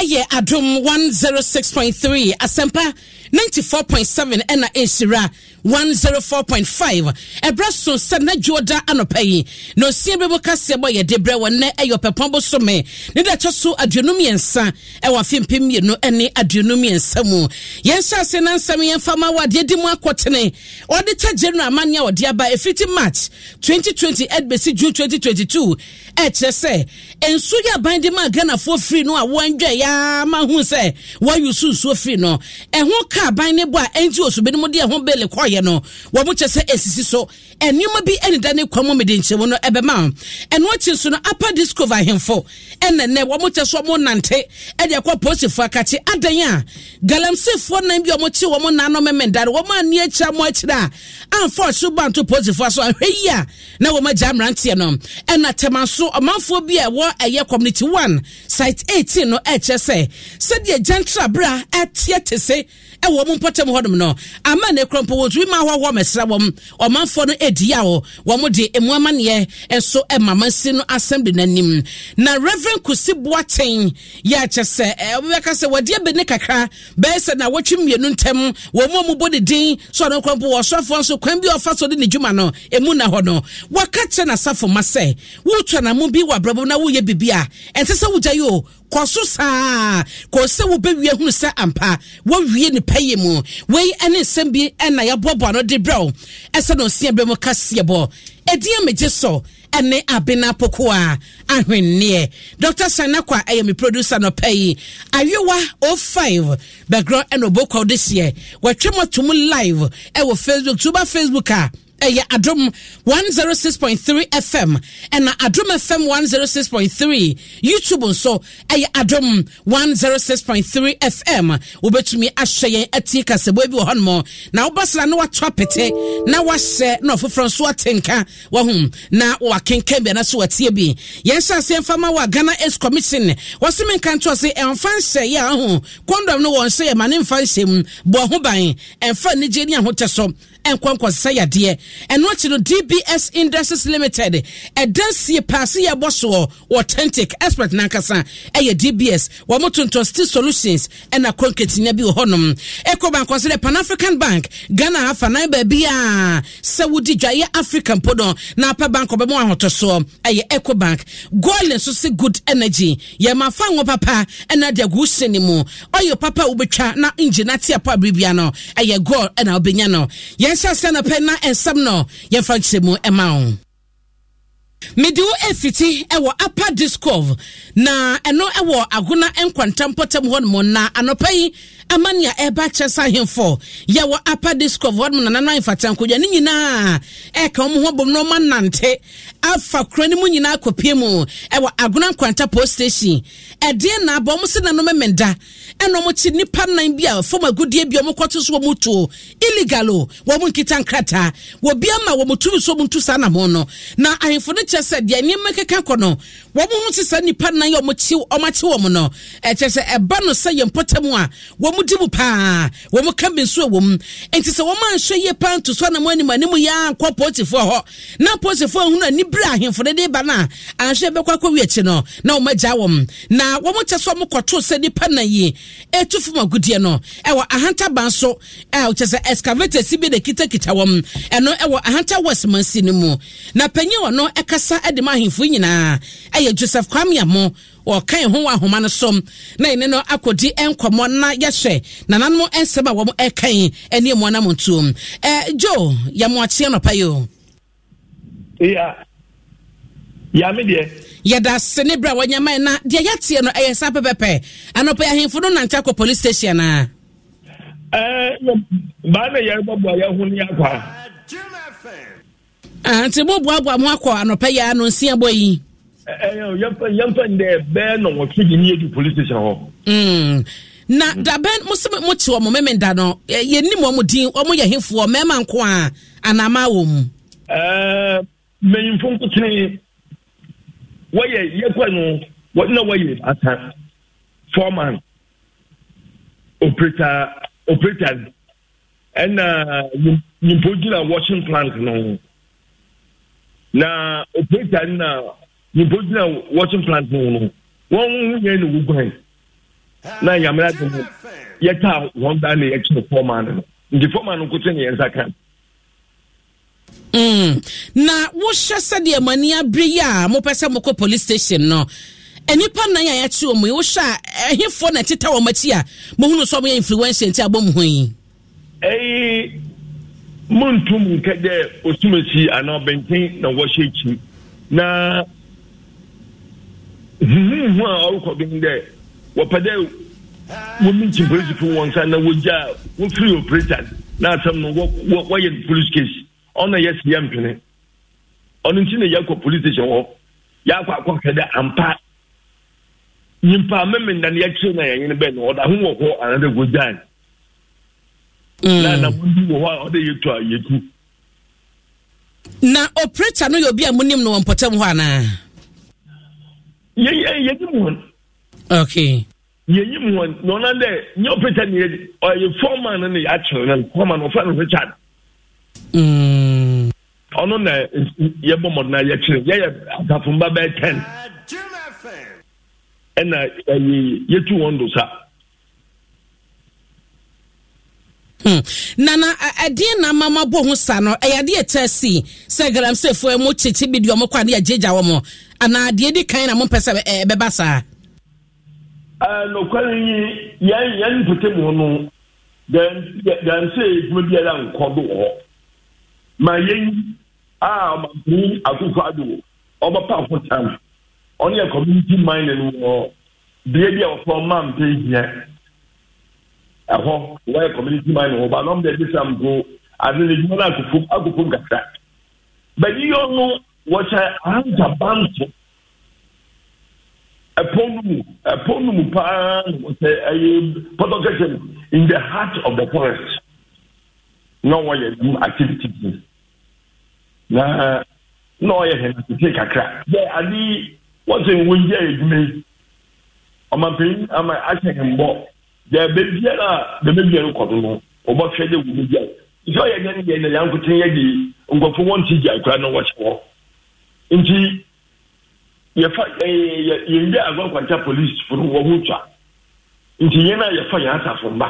ɛyɛ adom 106.3 asɛmpa 94.7 ɛna ɛhyira 104.5 ɛberɛ so sɛ n'adwo da anɔpa yi na osia bi mu kaseɛ bɔ yɛde berɛ wɔ nnɛ ɛyɛ ɔpɛpɔn bosome ne da ɛkyɛ so aduonu mmiɛnsa ɛwɔ afe mpem mmienu ne aduonu mmiɛnsa mu yɛnhyɛ ase na nsɛm yɛmfa ma wɔ adeɛ di mu akɔtene ɔde kyɛ general amanne a wɔde aba ɛfiti march 2020 ɛdbɛsi june 2022 ɛkyerɛ sɛ nsu yɛ aban de ma ghanafoɔ firi no a wɔndwɛeɛ biara ma hu sɛ wɔayi so nsuo firi no ɛho ka aban ne bo a ɛnti osube no mu de ɛho bele kɔɔyɛ no wɔn mo kyɛ sɛ esisi so nneɛma bi ɛneda ne kwan mu mede nkyɛn no ɛbɛma ɛno akyi nso no apa discover ahemfo ɛna nɛ wɔn mo kyɛ so wɔn nante ɛde akɔ polisifoɔ akakye adan a galamseefoɔ nan bi a wɔn kye wɔn nan no memendare wɔn ani akyira mo akyira a anfa ɔso banto polisifoɔ so ahwɛ yi a na wɔn agya mmeranteɛ no ɛna tɛmanso ɔmanfoɔ bi a ɛwɔ ɛyɛ community one site eighteen no ɛkyɛ sɛ sɛdeɛ gyantrabera ɛteɛ te se ɛwɔ mu mpɔtam hɔnom no ama ne korɔ mpo wɔtumi ma hɔhɔ mɛsrɛ wɔm ɔmanfoɔ no ɛdi a wɔ wɔm de ɛmu amanneɛ nso ɛmama no assembly no na reverend kusi boaten yɛ akyɛ sɛ ɛbɛka sɛ wɔde abɛni kakra bɛyɛ sɛ na wɔtwe mmienu ntɛm wɔn mu a mubɔ ne din so ɔno korɔ mpo wɔsɔfoɔ nso kwan bi ɔfa so de ne dwuma no ɛmu na hɔ no wɔka kyerɛ n'asafo ma sɛ wotɔ na mu bi wɔ abrabɔ na woyɛ biribi a ɛnte sɛ wogya o kɔ so saa kɔ sɛ wobɛwie hunu sɛ ampa wowie ne pɛyɛ mu wei ne nsɛm bi ɛna yɛboaboa no de brɛw ɛsɛ no ɔsia berɛ mu kaseɛbɔ ɛdin a megye sɔ ɛne abena poko a ahwenneɛ dr sanakwa ɛyɛ me producer no pɛ yi ayewa 05 background ɛna ɔbɔkwa wode seɛ wɔatwam atom live ɛwɔ facebook tuba facebook a ɛyɛ adom 106.3 fm ɛna adom fm 106.3 youtube nso ɛyɛ adom 106.3 fm wobɛtumi ahwɛ yɛn atie kasɛboa bi wɔ hɔnom na wobɛsra na woato apete na wahyɛ na ɔfoforɔ nso ate nka wahu na wakenkan bi anaso watie bi yɛnhyɛ aseɛ mfa ma wɔ ghana as commission wɔse menka ntoɔ se ɛmfa nhyɛ yɛ aho kondom no wɔnhyɛ yɛ ma ne mfa nhyɛ mu bɔ ho ban ɛmfa anigye ne ahotɛ so nkɔ nkɔsesa yadeɛ ɛno akyi no dbs industries limited ɛdan sie paase yɛ bɔ soɔ authentic expert nankasa ɛyɛ dbs wɔn tontɔn steel solutions ɛna concrete nya bi wɔ hɔnom ɛkɔ bankɔ sɛ pan african bank ghana afa nan baabi a sɛ wodi dwaeɛ africa mpo no na apɛ mo ɔbɛmu ahotosoɔ ɛyɛ eco bank goil nso se good energy ma fa ngo papa ɛna de agu se ne mu ɔyɛ papa wobɛtwa na engine ate apɔ aberebia no ɛyɛ gold ɛna wobɛnya no yɛ yɛnhyɛ sɛ nɔpɛ na ɛnsɛm no yɛmfa nkyerɛ mu ɛma wo mede wo afiti ɛwɔ apa discov na ɛno ɛwɔ agona nkwantampɔtam hɔ nom na anɔpa yi ama nea ɛba kyɛ sɛ ahemfo yɛwɔ apa discof wɔdom nanano ahemfata nkogya ne nyinaa ɛka wɔn ho bom na wɔn anante afa kuro no mu nyinaa akɔpie mu ɛwɔ agona nkwanta post station ɛdeɛ na abɔ wɔn si nanom mmenda ɛna wɔn kyi nipa nan bi a fam agudie bi a wɔn kɔto so wɔn tuo illegal o wɔn nkita nkrataa wɔbi ama wɔn tumi so wɔn tu saa nam no na ahemfo no kyɛ sɛ deɛ nneɛma keka kɔ no wɔn ho sisan nipa nan yɛ wɔn akyi wɔn akyi no ɛkyɛ sɛ ɛba no sɛ yɛn mpɔtam a wɔn wɔn di mu paa wɔn ka mi nso wɔ mu nti sɛ wɔn anhwɛ yie paa ntoso anam anim anim yɛ ankɔ polisifoɔ hɔ na polisifoɔ ahunu ani bere ahemfo de de ba no a anhwɛ bɛkɔ akɔ wi akyi no na wɔn agya wɔn na wɔn kyɛ sɛ wɔn kɔto sɛ nipa na yie etu fam agudie no ɛwɔ ahantaba nso ɛwɔ kyɛ sɛ excavator si bi na kitakita wɔn ɛno ɛwɔ ahanta west mansi no mu na panyin wɔn no ɛkasa de ma ahemfo nyinaa ɛyɛ joseph kwame amo ɔka ɛho ahoma no na ɛne no akɔdi nkɔmmɔ na yɛhwɛ nananom nsɛm a ɛka jo yɛmoakyeɛ nɔpa ya ya yɛda ne berɛ a na deɛ yɛteɛ no ɛyɛ saa pɛpɛpɛ anɔpa yɛ no nante akɔ police station a. ɛɛ baa na mo akɔ anɔpa yi no nsia yi. yɛmfa n dɛ bɛɛ na wɔtwe de ne police station hɔ mm. na da bɛn mo sɛ mo kye ɔmo mɛmɛ da no yɛnim ɔmo din ɔmo yɛ hefoɔ mɛɛma nko a anama wɔ mu. mmanyinfo nkotene wɔyɛ yɛkɔ no wɔn na wɔyɛ ata foreman operator operator ɛna nyimpo gyina washing plant no na operator na nipa gyina watching plant no no wɔn ho yɛn ne wo guan na nyamira de mu yɛta ni da na yɛkyerɛ fɔma no nti fɔma no kote ne yɛn nsa kan. Mm. na wohyɛ sɛdeɛ mo ani abere yi a mopɛ sɛ mokɔ police station no nnipa nan a yɛte ɔmo yi wohyɛ a ɛhefoɔ na ɛteta wɔn akyi a mohunu sɛ ɔmoyɛ influencer nti abɔ mo ho yi ɛyi montom nkɛ dɛ osumasi anaa ɔbɛnten na wɔhyɛ akyi na huhuhu a ɔrekɔ bi ni dɛ wɔpɛ dɛ wɔmi ti polisifoɔ wɔn nsa na wogya wofiri opereta na asɛm no wɔ wɔyɛ police case ɔno yɛ si yɛ mpene ɔno nti na yɛkɔ police station hɔ yɛakɔ akɔhwɛ dɛ ampa nyimpa mmemme yɛkyerɛ na yɛnyene bɛn no ɔda ho wɔ hɔ anadɛ wogyae mm. na na wɔdi wɔ hɔ a ɔde yɛtu a yɛtu na opereta no yɛ obi a munim no wɔ hɔ anaa yɛnyim hɔn na ɔnam dɛ nyɛ ɔpɛta ne yɛdi ɔyɛ fɔman no ne yɛakyerɛ no fɔman no ɔfrɛ no richard ɔno a yɛkyerɛ hmm. oh, e eh, do sa hmm. nana eh, eh, na mama bɔ ho sa no ɛyɛ si sɛ mu kyekye bi deɛ ɔmo kɔ agyegya mo anaa deɛ di kan na mo mpɛ sɛ ɛɛ eh, bɛba saa. Eh, nokwari yi yɛn yɛn mpete mu no dansi edwuma biara nkɔ do wɔ ma yɛn a ɔmampani akufo ado ɔbɛpa ho tam ɔne yɛ community mind no wɔ bea bi a wɔfɔ ɔma mpɛ ɛhɔ wɔyɛ community mind wɔ ba na ɔmo de ɛdi sam ko adi ne edwuma no akufo akufo nkasa bɛyi yɛ ɔno wɔhyɛ anka banto ɛpon no mu ɛpon no mu paa na wɔhyɛ ɛyɛ pɔtɔ kɛkɛ in the heart of the forest na wɔyɛ do activity bi na na ɔyɛ hɛn atete kakra bɛ adi wɔsɛ nwonyi a edwuma yi ɔmampanin ama ahyɛ mbɔ deɛ beebiara beebiara kɔ no ɔbɛhwɛ de wɔ beebiara nti ɔyɛ nyɛ ne yɛ na yankoten yɛ de nkɔfo wɔn ti gya akora na wɔhyɛ hɔ. nti yɛfa eh, yɛnyɛ agwakwakya police foro wɔ ho twa nti yɛn na yɛfa yɛn asafo mba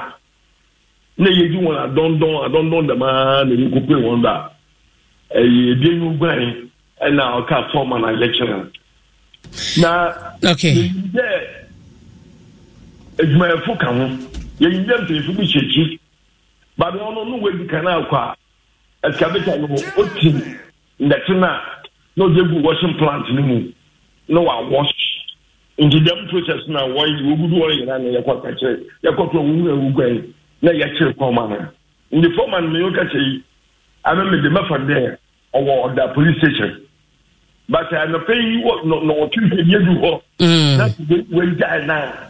na yɛdi wɔn adɔndɔn adɔndɔn damaa na yɛkɔkɔ wɔn do a ɛyɛ eh, ebi enyi guan ɛna ɔka fɔm na yɛkyerɛ na yɛnyɛ adwumayɛfo ka ho yɛnyɛ mpanyinfo bi hyɛ akyi baabi wɔn no no wɔ edi kan akɔ a ɛsikabeta no o ti ndɛtena. na ɔde gu washing plant no mu na wawash nti dɛm process na wɔyɛ wogudu wɔyɛ nyinaa na yɛkɔ kakyere yɛkɔ to owurɔ awuguan na yɛkyere kɔma no nti foreman mi yɛka kyɛ yi ama mi de mɛfa dɛ ɔwɔ ɔda police station but anɔpɛ yi wɔ mm. na ɔtwi hwɛ yɛ du hɔ na wɔn gyae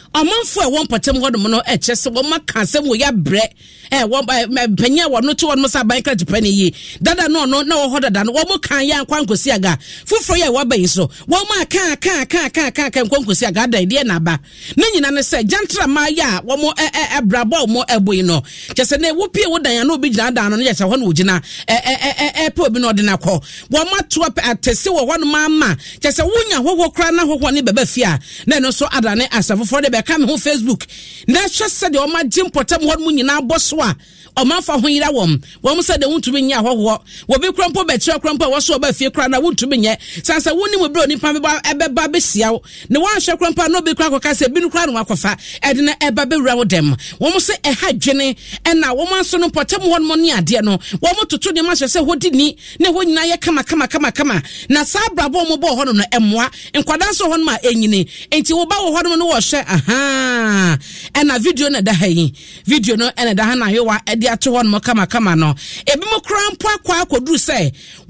ɔmanfo a ɛwɔ mpɔtam hɔ nom no ɛkyɛ sɛ wɔma ka asɛm wɔ yɛabrɛ panyin a wɔno to wɔnom sɛ aban kra gyepɛ no yie dada no ɔno na wɔhɔ dada no wɔmo ka yɛ ankwa nkɔsi aga foforɔ yɛ ɛwɔ aba yi so wɔm a kaa kaa kaa kaa kaa kaa nkɔ nkɔsi aga adan deɛ na aba ne nyina ne sɛ gyantra ma yɛ a wɔmo ɛbrabɔ a wɔmo ɛbɔ yi no kyɛ sɛ ne wopie wo dan a na gyina dan no no yɛ sɛ hɔ na wɔgyina ɛpɛ obi na ɔde no akɔ wɔm ato atɛse wɔ hɔ nom ama kyɛ sɛ wonya hɔhɔ koraa na hɔhɔ ne nso adane asɛ foforɔ de ɛka me ho facebook na hwɛ sɛdeɛ ɔma gye mpɔtam hɔ no mu nyinaa bɔ so a ɔmanfa ho yira wɔn wɔn sɛ de wuntumi nyɛ ahɔhoɔ wɔbi kura mpo bɛkyerɛ kura mpo a wɔso ɔba fie kura na wuntumi nyɛ sansa wɔn nimu bere onipa bɛba ɛbɛba bɛhyia wo na wɔahyɛ kura mpo a na obi kura akɔka sɛ ebinom kura na wakɔfa ɛde na ɛba bɛwura wo dɛm wɔn sɛ ɛha dwene ɛna wɔn aso no pɔtɛm wɔn mo ne adeɛ no wɔn toto nneɛma hyɛ sɛ hodi ni na hɔ nyinaa yɛ kamakamakama na saa abrabɔ wɔn bɔ hɔ no no ɛmoa nkwadaa nso hɔ no ma ɛnyini nti wɔba wɔ hɔ no no wɔhyɛ ahaa ɛna video na ɛda video no ɛna ɛda ha na ayewa de ato hɔ nom kamakama no ebi mu koraa mpo akɔ akɔduru sɛ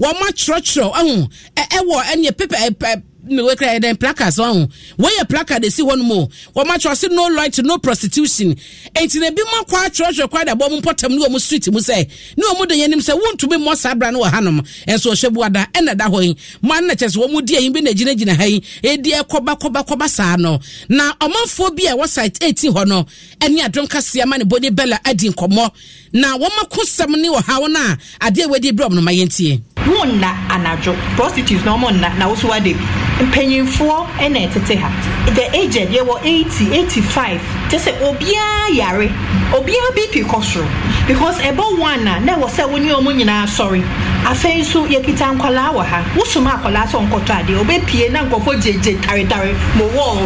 wɔn akyerɛkyerɛ ɛho ɛwɔ ɛneɛ pepa ɛpɛ wekra yɛ dɛn placards wɔn ho wɔyɛ placard esi hɔ nom o wɔn atwerɛ sɛ no light, no prostitution eti na ebi mu akɔ atwerɛtwerɛ kwan da bɔ mu mpɔtam ne wɔn street mu sɛ ne wɔn de yɛn nim sɛ wɔntumi mmɔ saa abira no wɔ hanom ɛnso ɔhyɛ buada ɛna da hɔ yi mo ano na kyerɛ sɛ wɔn di ɛyin bi na gyinagyina ha yi edi ɛkɔba kɔba kɔba saa no na ɔmanfoɔ bi a ɛwɔ site eti hɔ no ɛne adom kaseɛ ama ne body bella adi nkɔmɔ na wɔn ako sɛm ne ɔhaw no a adeɛ wɔde ebi ɔmo no ma yɛn tie. mo nna anadwo prostitutes na ɔmo nna na wosowa de mpanyinfoɔ ɛna ɛtete ha the aged yɛwɔ eighty eighty five te sɛ obiara yare obiara bp kɔ soro because ɛbɔ one a na ɛwɔ sɛ wɔn ne wɔn nyinaa sɔre afei nso yɛkita nkɔlaa wɔ ha wosoma akɔlaa sɛ ɔnkɔtɔ adeɛ ɔbɛpie na nkɔfo gyegye taretare mo wɔɔl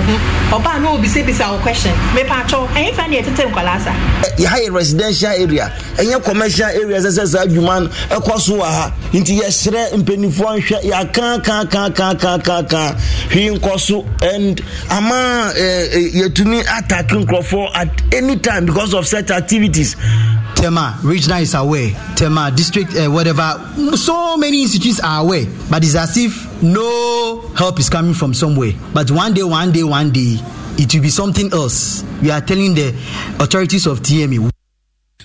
ho ɔbaa na ɔbisabisa wɔ question mepatɔ ɛyɛ fa ne yɛtete nkɔlaa sa. yɛha yɛ residential area ɛnyɛ commercial area sɛ sɛ saa adwuma no ɛkɔ so wɔ ha nti yɛhyerɛ mpanimfoɔ nhwɛ yɛakankankankankankan ama hwee nkɔ so and ama eh, eh, yɛtumi attack nkurɔfoɔ at any time because of such activities Tema, regional is aware. Tema, district, uh, whatever. So many institutes are aware, but it's as if no help is coming from somewhere. But one day, one day, one day, it will be something else. We are telling the authorities of TME.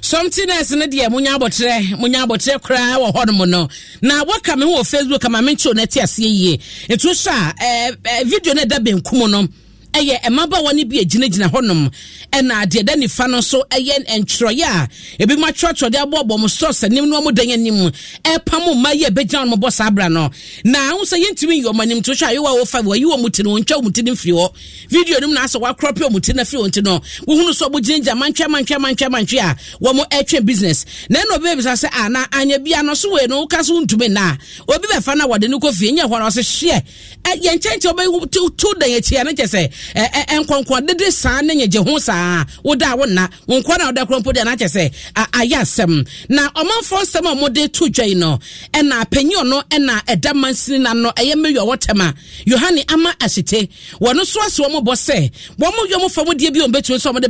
somethings no deɛ monya abɔkyerɛ monya abɔkyerɛ koraa wɔ no na waka me ho wɔ facebook ama menkyɛw no ate aseɛ yie nti wohyɛ a video no ɛda benkum no ɛyɛ mmabaawa no bi a gyinagyina hɔnom ɛna adeɛ da nifa no nso ɛyɛ ntwerɛeɛ a ebi mu atwerɛtwerɛ de aboaboa mu sɔɔsɛ nim no ɔmo dan anim ɛpam mmaa yi a ɛbɛgyina wɔn bɔ saa abira no na ahun sɛ yɛntumi yi wɔn anim to hwɛ ayewa a wɔfa wɔyi wɔn ti no wɔn ntwa wɔn ti no mfiri hɔ video no mu na asɛ wɔakorɔpe wɔn ti no afiri wɔn ti no wɔhunu sɛ ɔmo gyinagyina mantwɛ mantwɛ mantwɛ mantwɛ a wɔn ɛtwɛ business na ɛna obi bɛbisa sɛ ah, na anya bia no so na obi bɛfa na wɔde no kɔ fie nyɛ hɔ na ɔsɛ hyeɛ ɛyɛ nkyɛnkyɛn ɔbɛyi nkɔnkɔ dede saa ne nyɛgye ho saa woda a nkɔ na woda sɛ ayɛ asɛm na ɔmanfoɔ nsɛm a mode to dwa yi no ɛna panyin no ɛna ɛda mansini na no ɛyɛ yohane ama ahyete ase wɔn bɔ sɛ wɔn deɛ bi wɔn sɛ de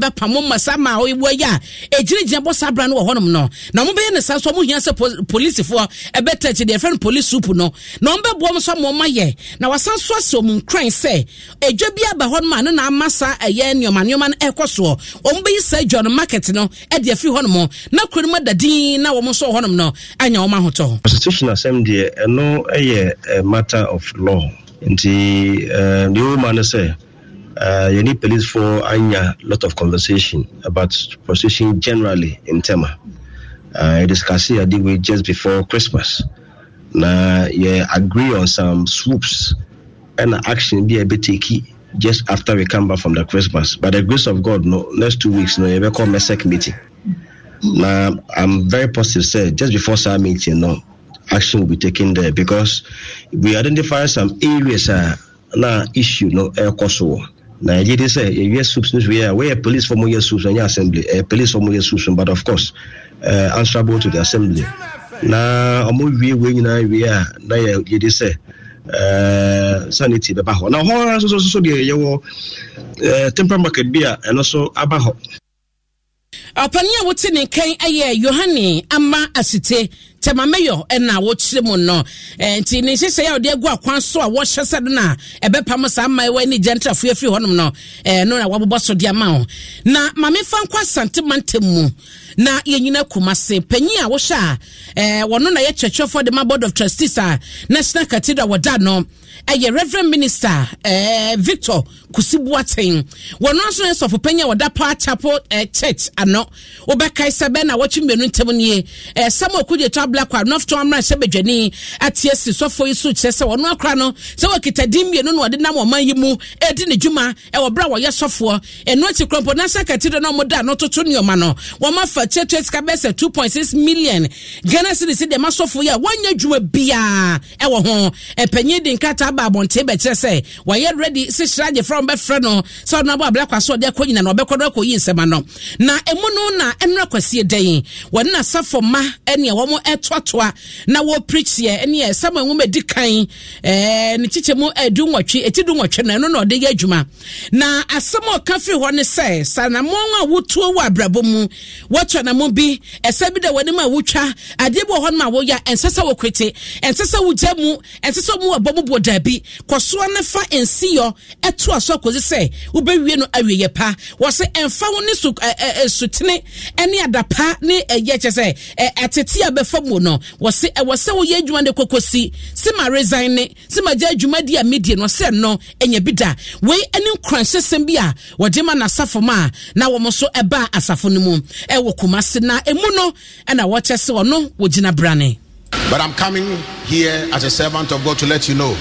ma wɔyɛ a egyinagyina bɔ saa abira no wɔ hɔnom no na bɛyɛ ne saa na wɔn bɛboa wɔn so hɔnom a ne na ama ɛyɛ nneɛma nneɛma no ɛrekɔ soɔ wɔn bɛyi saa john market no ɛde afiri hɔnom na kuro mu ada din na wɔn nso hɔnom no anya wɔn ahotɔ. constitution asɛm deɛ ɛno yɛ matter of law nti deɛ wɔma no sɛ uh, you need police for anya lot of conversation about prostitution generally in Tema. Uh, I discussed it we just before Christmas. Now, yeah, agree on some swoops and action be a bit tricky just after we come back from the Christmas. By the grace of God, no, next two weeks, no, you will call MESEC meeting. Now, I'm very positive, sir. Just before our meeting, no, action will be taken there because we identify some areas, uh, now issue, no, air cost war. na ɛgye de sɛ yɛwie soups no wie a woyɛ police fɔ mu yɛ soups ɛnyɛ assembly A eh, police fɔ mu yɛ but of course uh, answerable to the assembly na ɔmo we wei nyinaa wie a na yɛ Eh, sanity bɛba hɔ na hɔ nso so deɛ yɛwɔ eh, temper market bi a ɛno eh, so aba hɔ ɔpanin a wote ne nkan yɛ yohane ama asite tɛmamɛyɔ ɛna wɔkyerɛ mu no nti ne nhyehyɛ a wɔde agu akwan so a wɔhyɛ sɛ no na ɛbɛpam saa mmayewa ne gyantafo afiri hɔnom no ɛno na wɔabobɔ so de ama wo na mamefa nkɔ asante mantam mu na yɛnyina kuma se panyin a wohyɛ a wɔno na yɛ kyerɛkyerɛfoɔ de ma board of trustees a national cathedral wɔda no ɛyɛ reverend minister ɛɛ eh, victor kusibuaten wɔn nso yɛ sɔfo panyin a wɔda power chapel ɛɛ eh, church ano wɔbɛkae sɛ bɛn na wɔtwe mmienu ntɛm nie ɛɛ samuel kudie to ablakwa nɔfto amra hyɛ badwani atie si sɔfo yi so kyerɛ sɛ wɔn akora no sɛ wɔkita din mmienu na wɔde nam ɔman yi mu ɛɛdi ne dwuma ɛwɔ bere a wɔyɛ sɔfoɔ ɛnu akyi kurɔmpo nasa katidɔ na wɔn da ano toto nneɛma no wɔn afa kyerɛkyerɛ sika bɛyɛ sɛ two point six million ghana cedis deɛ ɛma sɔfo yi a wɔnyɛ dwuma biara ɛwɔ ho ɛpanyin di nkata ata aba abɔnten bɛkyerɛ sɛ wɔyɛ ready sihyira gye fram bɛfrɛ no sɛ ɔno abɔ abrakwa so ɔde akɔ nyina no ɔbɛkɔ do akɔ yi nsɛm ano na emu no na nnura kwasie dɛn wɔne na safo ma ɛnea wɔn ɛtoatoa na wɔ pirikyiɛ ɛnea samuel nwoma di kan ɛɛ ne kyikyɛ mu ɛdu nwɔtwe eti du nwɔtwe na ɛno na ɔde yɛ adwuma na asɛm a ɔka firi hɔ ne sɛ sanamɔn a wotuo wɔ abrabɔ mu wɔtɔ na mu bi ɛsɛ bi da wɔnim a wotwa adeɛ bi wɔ hɔ dabi kɔsoa ne fa nsiyɔ ɛto aso akɔsi sɛ wobɛwie no awieyɛ pa wɔsɛ ɛmfa ho ne su ɛɛ sutene ɛne adapa ne ɛyɛ kyɛ sɛ ɛtete a bɛfa mu no wɔsɛ ɛwɔ sɛ woyɛ adwuma ne kokosi sima resign ne sima gya adwuma di a media no sɛ no ɛnyɛ bi da wei ɛne nkranhyɛsɛm bi a wɔde ma n'asafo mu a na wɔn nso ɛbaa asafo no mu ɛwɔ kumase na emu no ɛna wɔkyɛ sɛ ɔno wɔgyina brane. But I'm coming here as a servant of God to let you know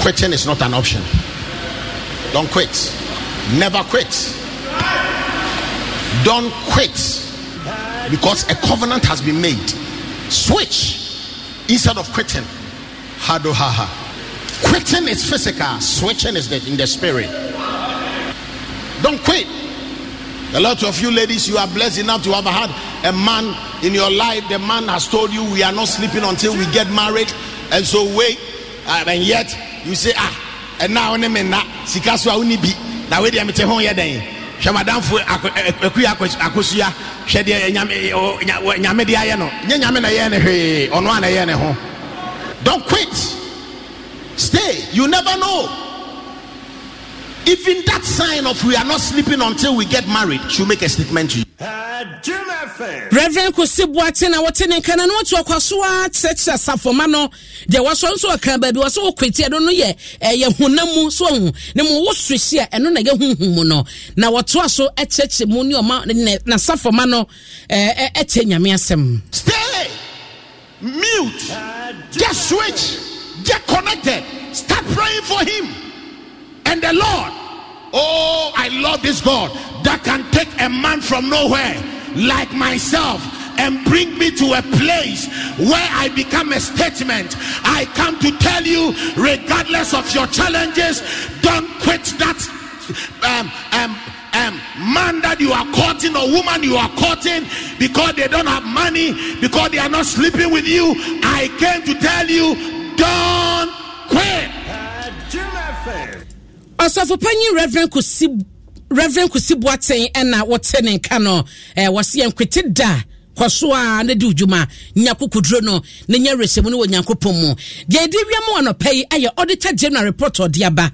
quitting is not an option. Don't quit. Never quit. Don't quit because a covenant has been made. Switch instead of quitting. Hadohaha. Quitting is physical, switching is in the spirit. Don't quit. A lot of you ladies, you are blessed enough to have had a man in your life, the man has told you we are not sleeping until we get married, and so wait, uh, and yet you say, Ah, and now ne mena sikaswa unibi. Now wait, I'm telling you then. Hwɛ madamfo akuyi akosua hwɛ deɛ nyame de ayɛ no nye nyame na yɛ ne hwee ɔno a na yɛ ne ho. Don't quit. Stay. You never know. Even that sign of we are not sleeping until we get married should make a statement to you. Reverend Kwesi Boateng a wɔte ne nka na na wɔte ɔkwa so a no deɛ wɔsɔ nso ɔka baabi wɔsɔ ɔkweti ɛno no yɛ ɛyɛ honam mu so ɔho ne mu woso hyi a ɛno na yɛ huhu mu no na wɔtoa so ɛkyerɛkyerɛ mu ne ɔma ne n'asafoma no ɛɛ ɛkyɛ nyame stay mute get switch get connected start praying for him. And the Lord, oh, I love this God that can take a man from nowhere like myself and bring me to a place where I become a statement. I come to tell you, regardless of your challenges, don't quit that um, um, um, man that you are courting or woman you are courting because they don't have money, because they are not sleeping with you. I came to tell you, don't quit. ɔsɔfo panyin reverend kusi reverend kusi boateng ɛna wɔte ne nka no ɛɛ wɔsi yɛn kwete da kɔso a ne di dwuma nyakukuduro no ne nya resemu no wɔ nyankopɔn mu yɛde wia mu anɔpɛ yi ayɛ auditor general report ɔde aba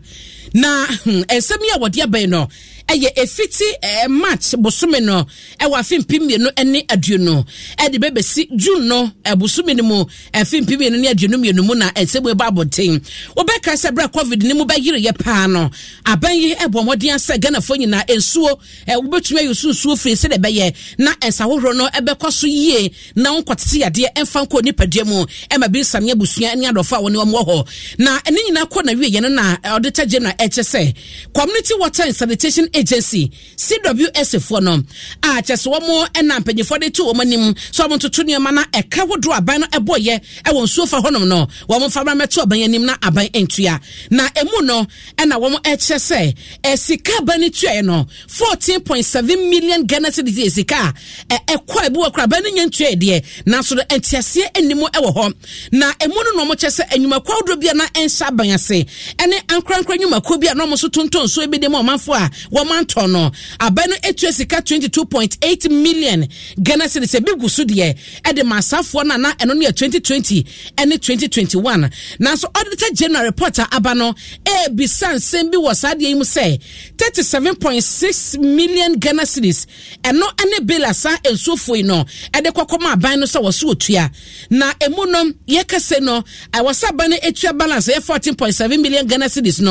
na hmm, nsɛm yi a wɔde aba yi no ɛyɛ efiti ɛɛ march bosome no ɛwɔ afinpin mmienu ɛne aduonu ɛde bɛbɛsi june no ɛbosome no mu afinpin mmienu ne aduonu mmienu mu na ɛsɛm ɛbɔ abɔnten wɔbɛka sɛ ɛbrɛ covid ne mu bɛyere yɛ paa no aban yi ɛbɔ mmɔden asɛ ghanafoɔ nyinaa nsuo ɛɛ wɔbɛtumi ayɛ sunsuo firi sɛ ɛbɛyɛ na nsahorow no ɛbɛkɔ so yie na nkɔtete adeɛ ɛmfa nkɔ nipadua mu ɛma bi nsane abusua ne adɔfo a wɔn wɔn wɔ hɔ na ɛne nyinaa kɔ na wie yɛn no na ɔdeta general ɛkyɛ sɛ community water and sanitation agency cws foɔ no a kyɛ sɛ wɔn na mpanyinfoɔ de to wɔn anim so wɔn toto nneɛma na ɛka hodoɔ aban no ɛbɔ yɛ ɛwɔ nsuo fa hɔnom no wɔn mframa mɛto aban anim na aban ntua na emu no ɛna wɔn ɛkyɛ sɛ ɛsika aban no tuaeɛ no fourteen point seven million ghana cedis yɛ sika a ɛkɔ ebi wɔ kora aban no nyɛ ntua deɛ nanso no ntiaseɛ anim ɛwɔ hɔ na emu no na wɔn kyɛ sɛ enyumakuo ahodoɔ bi a na ɛnhyɛ aban ase ɛne ankorankora enyumakuo bi a na wɔn nso tontɔn nsuo bi de mu ɔmanfoɔ a wɔn ɔma ntɔ no aba no atua sika 22.8 million ghana sede sɛ bi gu so deɛ ɛde ma asafoɔ no ana ɛno no yɛ 2020 ɛne 2021 nanso auditor general report a aba no ɛbisa nsɛm bi wɔ saa deɛ yi mu sɛ 37.6 million ghana series ɛno ne bill asa nsuofoɔ yi no ɛde kɔkɔ ma aban no sɛ wɔso otua na ɛmu no yɛkɛsɛ no ɛwɔ sɛ aban no atua balance ɛyɛ 14.7 million ghana series no